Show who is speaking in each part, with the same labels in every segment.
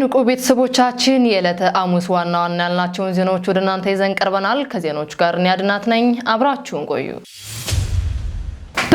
Speaker 1: ንቁ ቤተሰቦቻችን የዕለተ ሐሙስ ዋና ዋና ያልናቸውን ዜናዎች ወደ እናንተ ይዘን ቀርበናል። ከዜናዎቹ ጋር እኔ አድናት ነኝ። አብራችሁን ቆዩ።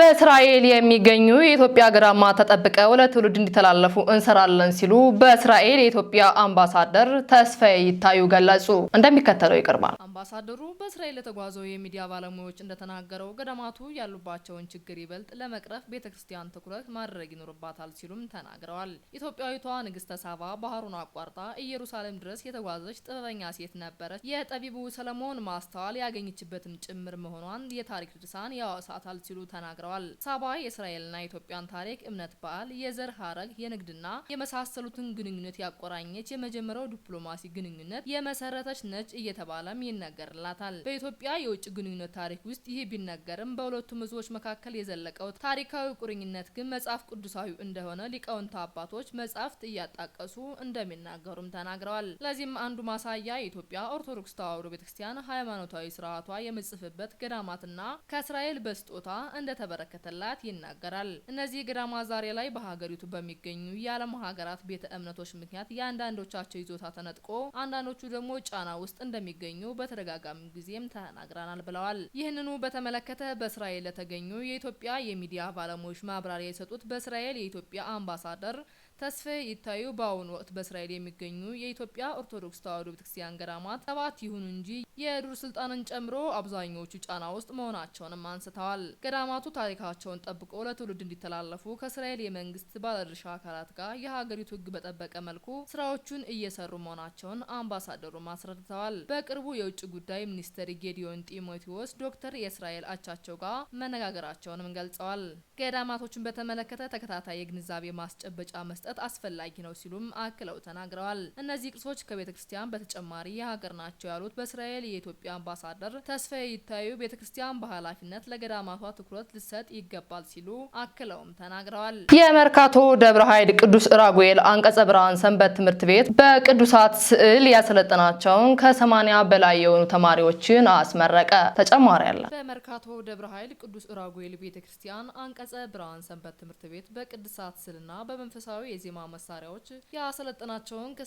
Speaker 1: በእስራኤል የሚገኙ የኢትዮጵያ ግራማ ተጠብቀው ለትውልድ እንዲተላለፉ እንሰራለን ሲሉ በእስራኤል የኢትዮጵያ አምባሳደር ተስፋዬ ይታዩ ገለጹ። እንደሚከተለው ይቀርባል። አምባሳደሩ በእስራኤል ለተጓዘው የሚዲያ ባለሙያዎች እንደተናገረው ገዳማቱ ያሉባቸውን ችግር ይበልጥ ለመቅረፍ ቤተ ክርስቲያን ትኩረት ማድረግ ይኖርባታል ሲሉም ተናግረዋል። ኢትዮጵያዊቷ ንግስተ ሳባ ባህሩን አቋርጣ ኢየሩሳሌም ድረስ የተጓዘች ጥበበኛ ሴት ነበረች። የጠቢቡ ሰለሞን ማስተዋል ያገኘችበትም ጭምር መሆኗን የታሪክ ድርሳን ያዋሳታል ሲሉ ተናግረዋል። ተገልጿል። ሳባ የእስራኤልና የኢትዮጵያን ታሪክ፣ እምነት፣ በዓል፣ የዘር ሀረግ፣ የንግድና የመሳሰሉትን ግንኙነት ያቆራኘች የመጀመሪያው ዲፕሎማሲ ግንኙነት የመሰረተች ነች እየተባለም ይነገርላታል። በኢትዮጵያ የውጭ ግንኙነት ታሪክ ውስጥ ይህ ቢነገርም በሁለቱም ህዝቦች መካከል የዘለቀው ታሪካዊ ቁርኝነት ግን መጽሐፍ ቅዱሳዊ እንደሆነ ሊቃውንት አባቶች መጽሐፍት እያጣቀሱ እንደሚናገሩም ተናግረዋል። ለዚህም አንዱ ማሳያ የኢትዮጵያ ኦርቶዶክስ ተዋሕዶ ቤተክርስቲያን ሃይማኖታዊ ስርዓቷ የምጽፍበት ገዳማትና ከእስራኤል በስጦታ እንደተበረከ እንደተበረከተላት ይናገራል። እነዚህ ገዳማ ዛሬ ላይ በሀገሪቱ በሚገኙ የዓለም ሀገራት ቤተ እምነቶች ምክንያት የአንዳንዶቻቸው ይዞታ ተነጥቆ አንዳንዶቹ ደግሞ ጫና ውስጥ እንደሚገኙ በተደጋጋሚ ጊዜም ተናግረናል ብለዋል። ይህንኑ በተመለከተ በእስራኤል ለተገኙ የኢትዮጵያ የሚዲያ ባለሙያዎች ማብራሪያ የሰጡት በእስራኤል የኢትዮጵያ አምባሳደር ተስፋዬ ይታዩ በአሁኑ ወቅት በእስራኤል የሚገኙ የኢትዮጵያ ኦርቶዶክስ ተዋሕዶ ቤተክርስቲያን ገዳማት ሰባት ይሁኑ እንጂ የዱር ስልጣንን ጨምሮ አብዛኞቹ ጫና ውስጥ መሆናቸውንም አንስተዋል። ገዳማቱ ታሪካቸውን ጠብቆ ለትውልድ እንዲተላለፉ ከእስራኤል የመንግስት ባለድርሻ አካላት ጋር የሀገሪቱ ሕግ በጠበቀ መልኩ ስራዎቹን እየሰሩ መሆናቸውን አምባሳደሩ አስረድተዋል። በቅርቡ የውጭ ጉዳይ ሚኒስትር ጌዲዮን ጢሞቴዎስ ዶክተር የእስራኤል አቻቸው ጋር መነጋገራቸውንም ገልጸዋል። ገዳማቶቹን በተመለከተ ተከታታይ የግንዛቤ ማስጨበጫ መስጠት መስጠት አስፈላጊ ነው ሲሉም አክለው ተናግረዋል። እነዚህ ቅርሶች ከቤተ ክርስቲያን በተጨማሪ የሀገር ናቸው ያሉት በእስራኤል የኢትዮጵያ አምባሳደር ተስፋዬ ይታዩ ቤተ ክርስቲያን በኃላፊነት ለገዳማቷ ትኩረት ልሰጥ ይገባል ሲሉ አክለውም ተናግረዋል። የመርካቶ ደብረ ኃይል ቅዱስ ራጉኤል አንቀጸ ብርሃን ሰንበት ትምህርት ቤት በቅዱሳት ስዕል ያሰለጠናቸውን ከሰማኒያ በላይ የሆኑ ተማሪዎችን አስመረቀ። ተጨማሪ ያለ በመርካቶ ደብረ ኃይል ቅዱስ ራጉኤል ቤተ ክርስቲያን አንቀጸ ብርሃን ሰንበት ትምህርት ቤት በቅዱሳት ስዕልና በመንፈሳዊ የዜማ መሳሪያዎች ያሰለጠናቸውን ከ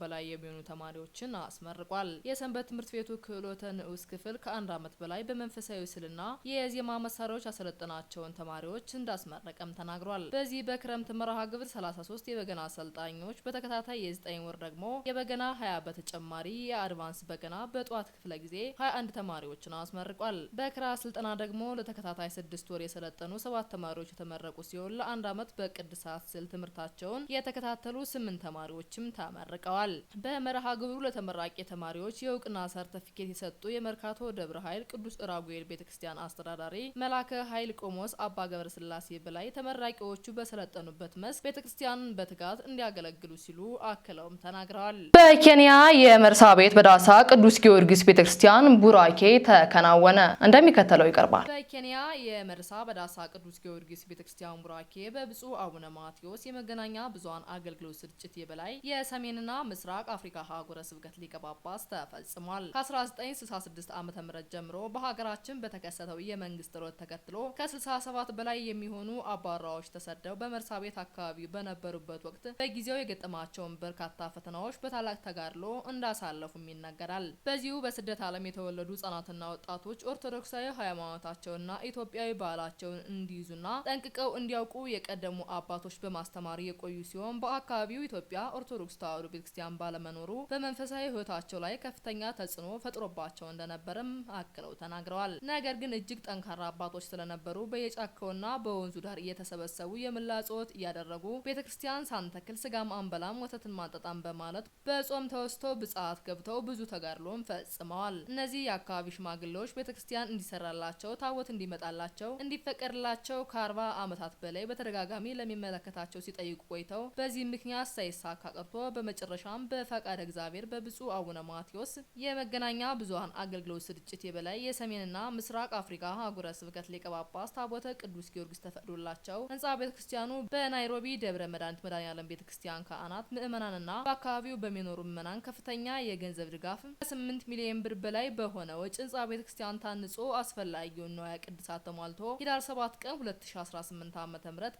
Speaker 1: በላይ የሚሆኑ ተማሪዎችን አስመርቋል። የሰንበት ትምህርት ቤቱ ክህሎተ ንዑስ ክፍል ከአንድ ዓመት በላይ በመንፈሳዊ ስልና የዜማ መሳሪያዎች ያሰለጠናቸውን ተማሪዎች እንዳስመረቀም ተናግሯል። በዚህ በክረምት መርሃ ግብር 33 የበገና አሰልጣኞች በተከታታይ የ9 ወር ደግሞ የበገና 20 በተጨማሪ የአድቫንስ በገና በጠዋት ክፍለ ጊዜ 21 ተማሪዎችን አስመርቋል። በክራ ስልጠና ደግሞ ለተከታታይ ስድስት ወር የሰለጠኑ ሰባት ተማሪዎች የተመረቁ ሲሆን ለአንድ ዓመት በቅድሳት ስል ትምህርታቸውን ትምህርታቸውን የተከታተሉ ስምንት ተማሪዎችም ተመርቀዋል። በመርሃ ግብሩ ለተመራቂ ተማሪዎች የእውቅና ሰርተፊኬት የሰጡ የመርካቶ ደብረ ኃይል ቅዱስ ራጉኤል ቤተ ክርስቲያን አስተዳዳሪ መላከ ኃይል ቆሞስ አባ ገብረስላሴ በላይ ተመራቂዎቹ በሰለጠኑበት መስክ ቤተ ክርስቲያንን በትጋት እንዲያገለግሉ ሲሉ አክለውም ተናግረዋል። በኬንያ የመርሳ ቤት በዳሳ ቅዱስ ጊዮርጊስ ቤተ ክርስቲያን ቡራኬ ተከናወነ፣ እንደሚከተለው ይቀርባል። በኬንያ የመርሳ በዳሳ ቅዱስ ጊዮርጊስ ቤተ ክርስቲያን ቡራኬ በብፁዕ አቡነ ማቴዎስ የመገናኛ ብዙሀን አገልግሎት ስርጭት የበላይ የሰሜንና ምስራቅ አፍሪካ ሀጉረ ስብከት ሊቀ ጳጳስ ተፈጽሟል። ከ1966 ዓ ም ጀምሮ በሀገራችን በተከሰተው የመንግስት ሮት ተከትሎ ከ67 በላይ የሚሆኑ አባራዎች ተሰደው በመርሳ ቤት አካባቢ በነበሩበት ወቅት በጊዜው የገጠማቸውን በርካታ ፈተናዎች በታላቅ ተጋድሎ እንዳሳለፉም ይነገራል። በዚሁ በስደት ዓለም የተወለዱ ህጻናትና ወጣቶች ኦርቶዶክሳዊ ሃይማኖታቸውና ኢትዮጵያዊ ባህላቸውን እንዲይዙና ጠንቅቀው እንዲያውቁ የቀደሙ አባቶች በማስተማር የቆ የቆዩ ሲሆን በአካባቢው ኢትዮጵያ ኦርቶዶክስ ተዋሕዶ ቤተክርስቲያን ባለመኖሩ በመንፈሳዊ ሕይወታቸው ላይ ከፍተኛ ተጽዕኖ ፈጥሮባቸው እንደነበርም አክለው ተናግረዋል። ነገር ግን እጅግ ጠንካራ አባቶች ስለነበሩ በየጫካውና በወንዙ ዳር እየተሰበሰቡ የምላ ጾት እያደረጉ ቤተክርስቲያን ሳንተክል ስጋም አንበላም ወተትን ማጠጣም በማለት በጾም ተወስቶ ብጽዓት ገብተው ብዙ ተጋድሎም ፈጽመዋል። እነዚህ የአካባቢ ሽማግሌዎች ቤተክርስቲያን እንዲሰራላቸው ታቦት እንዲመጣላቸው እንዲፈቀድላቸው ከአርባ ዓመታት በላይ በተደጋጋሚ ለሚመለከታቸው ሲጠይቁ ቆይተው በዚህ ምክንያት ሳይሳካ ቀርቶ በመጨረሻም በፈቃድ እግዚአብሔር በብፁዕ አቡነ ማቴዎስ የመገናኛ ብዙሀን አገልግሎት ስርጭት የበላይ የሰሜንና ምስራቅ አፍሪካ አህጉረ ስብከት ሊቀ ጳጳስ ታቦተ ቅዱስ ጊዮርጊስ ተፈቅዶላቸው ህንጻ ቤተ ክርስቲያኑ በናይሮቢ ደብረ መድኃኒት መድኃኔዓለም ቤተ ክርስቲያን ካህናት፣ ምእመናንና በአካባቢው በሚኖሩ ምእመናን ከፍተኛ የገንዘብ ድጋፍ ከስምንት ሚሊዮን ብር በላይ በሆነ ወጪ ህንጻ ቤተ ክርስቲያን ታንጾ አስፈላጊውን ንዋየ ቅድሳት ተሟልቶ ሂዳር 7 ቀን 2018 ዓ.ም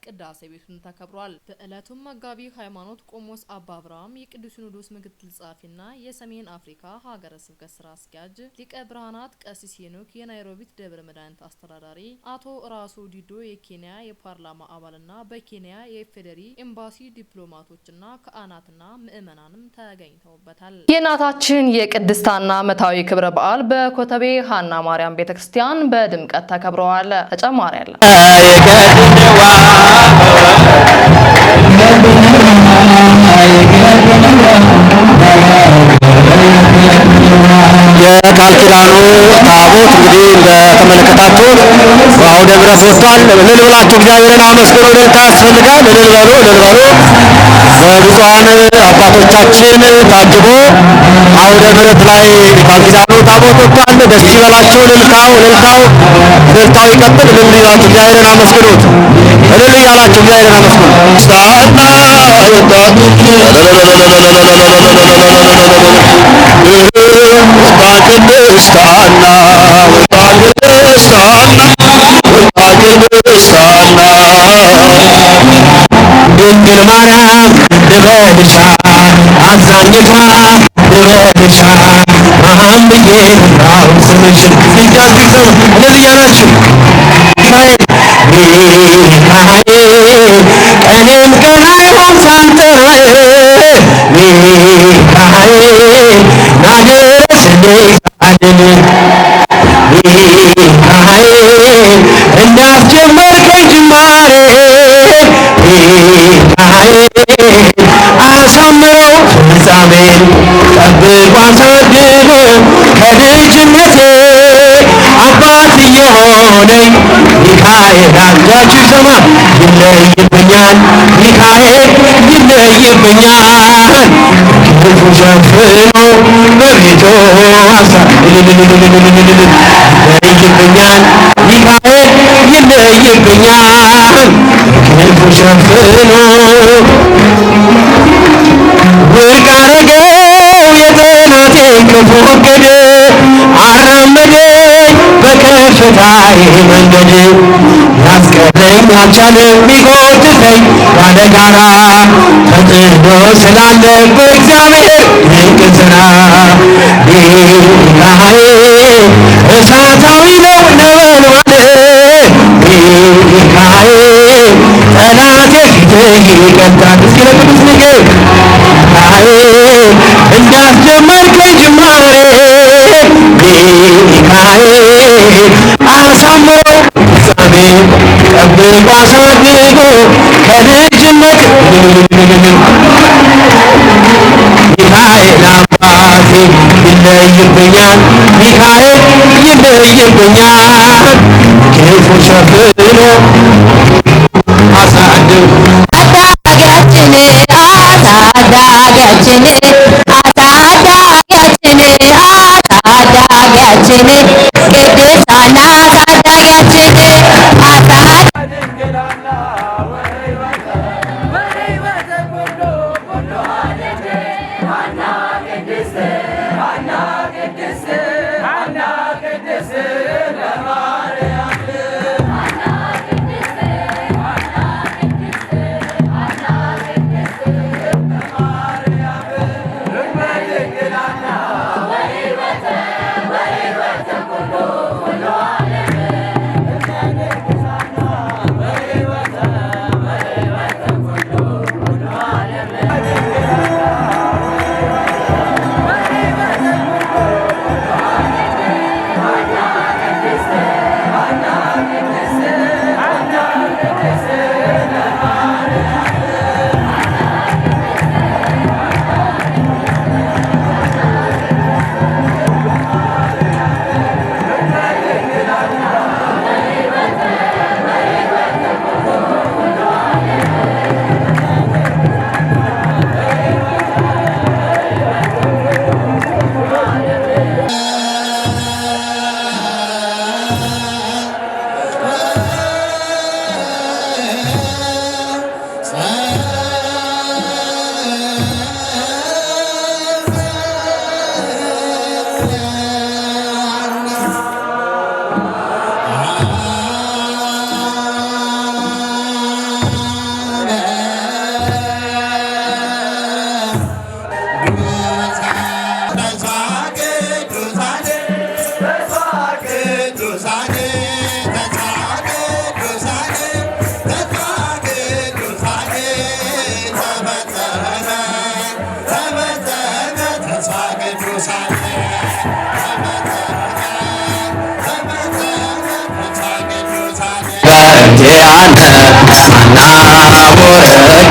Speaker 1: ቅዳሴ ቤቱን ተከብሯል። በዕለቱ ምክንያቱም መጋቢ ሃይማኖት ቆሞስ አባ አብርሃም የቅዱስ ሲኖዶስ ምክትል ጸሐፊና የሰሜን አፍሪካ ሀገረ ስብከት ስራ አስኪያጅ፣ ሊቀ ብርሃናት ቀሲስ ሄኖክ የናይሮቢት ደብረ መድኃኒት አስተዳዳሪ፣ አቶ ራሶ ዲዶ የኬንያ የፓርላማ አባልና በኬንያ የኢፌዴሪ ኤምባሲ ዲፕሎማቶችና ካህናትና ምዕመናንም ተገኝተውበታል። የእናታችን የቅድስት ዓመታዊ ክብረ በዓል በኮተቤ ሀና ማርያም ቤተ ክርስቲያን በድምቀት ተከብረዋል። ተጨማሪ አለ Thank you. የቃል ኪዳኑ ታቦት እንግዲህ እንደተመለከታችሁት በአውደ ምሕረት ወጥቷል። እልል ብላችሁ እግዚአብሔርን አመስግኑ። እልልታ ያስፈልጋል። እልል በሉ፣ እልል በሉ። በብፁዓን አባቶቻችን ታጅቦ አውደ ምሕረት ላይ ቃል ኪዳኑ ታቦት ወጥቷል። ደስ ይበላችሁ። እልልታው እልልታው እልልታው ይቀጥል። እልል እያላችሁ እግዚአብሔርን አመስግኑት። እልል እያላችሁ እግዚአብሔርን አመስግኑ። Pakistan'a Pakistan'a Pakistan'a Dil maram dilo dişan Azan gitma dilo dişan Maham bigin ram sınışın Dikkat kızım ne diyanışın Hayır Hayır Elim kanayım santırayım ልባን ታድሎ ከልጅነት አባት የሆነኝ ሚካኤል አንዳችሁ ይሰማ ይለይብኛል ሚካኤል ይለይብኛል ክፉ ሸፍኖ በቤቱ አሳ ይለይብኛል ሚካኤል ይለይብኛል ክፉ ሸፍኖ አራመደኝ በከፍታዬ መንገድ ያስቀረኝ አልቻለም ሚጎትተኝ ባለጋራ ፈጥኖ ስላለ በእግዚአብሔር ድንቅ ስራ ቢላዬ እሳታዊ ነው ነበልባል ቢላዬ ጠላቴ ፊትህ ይቀጣል እስኪ ለቅዱስ ሚካኤል ልባሳድጎ ከልጅነት ሚካኤል አባቴ ይለይብኛል፣ ሚካኤል ይለይብኛል፣ ክፉ ሸፍኖ ጸለይ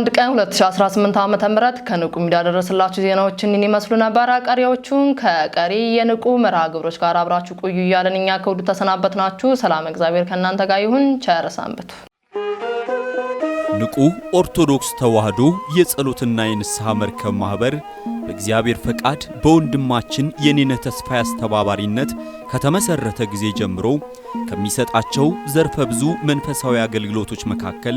Speaker 1: 11 ቀን 2018 ዓ.ም ከንቁ ሚዲያ ደረስላችሁ ዜናዎችን እኔ ይመስሉ ነበር። ቀሪዎቹን ከቀሪ የንቁ መርሃ ግብሮች ጋር አብራችሁ ቆዩ እያለን እኛ ከሁሉ ተሰናበት ናችሁ። ሰላም እግዚአብሔር ከእናንተ ጋር ይሁን። ቸር ሰንብቱ።
Speaker 2: ንቁ ኦርቶዶክስ ተዋህዶ የጸሎትና የንስሐ መርከብ ማኅበር በእግዚአብሔር ፈቃድ በወንድማችን የኔነ ተስፋ አስተባባሪነት ከተመሠረተ ጊዜ ጀምሮ ከሚሰጣቸው ዘርፈ ብዙ መንፈሳዊ አገልግሎቶች መካከል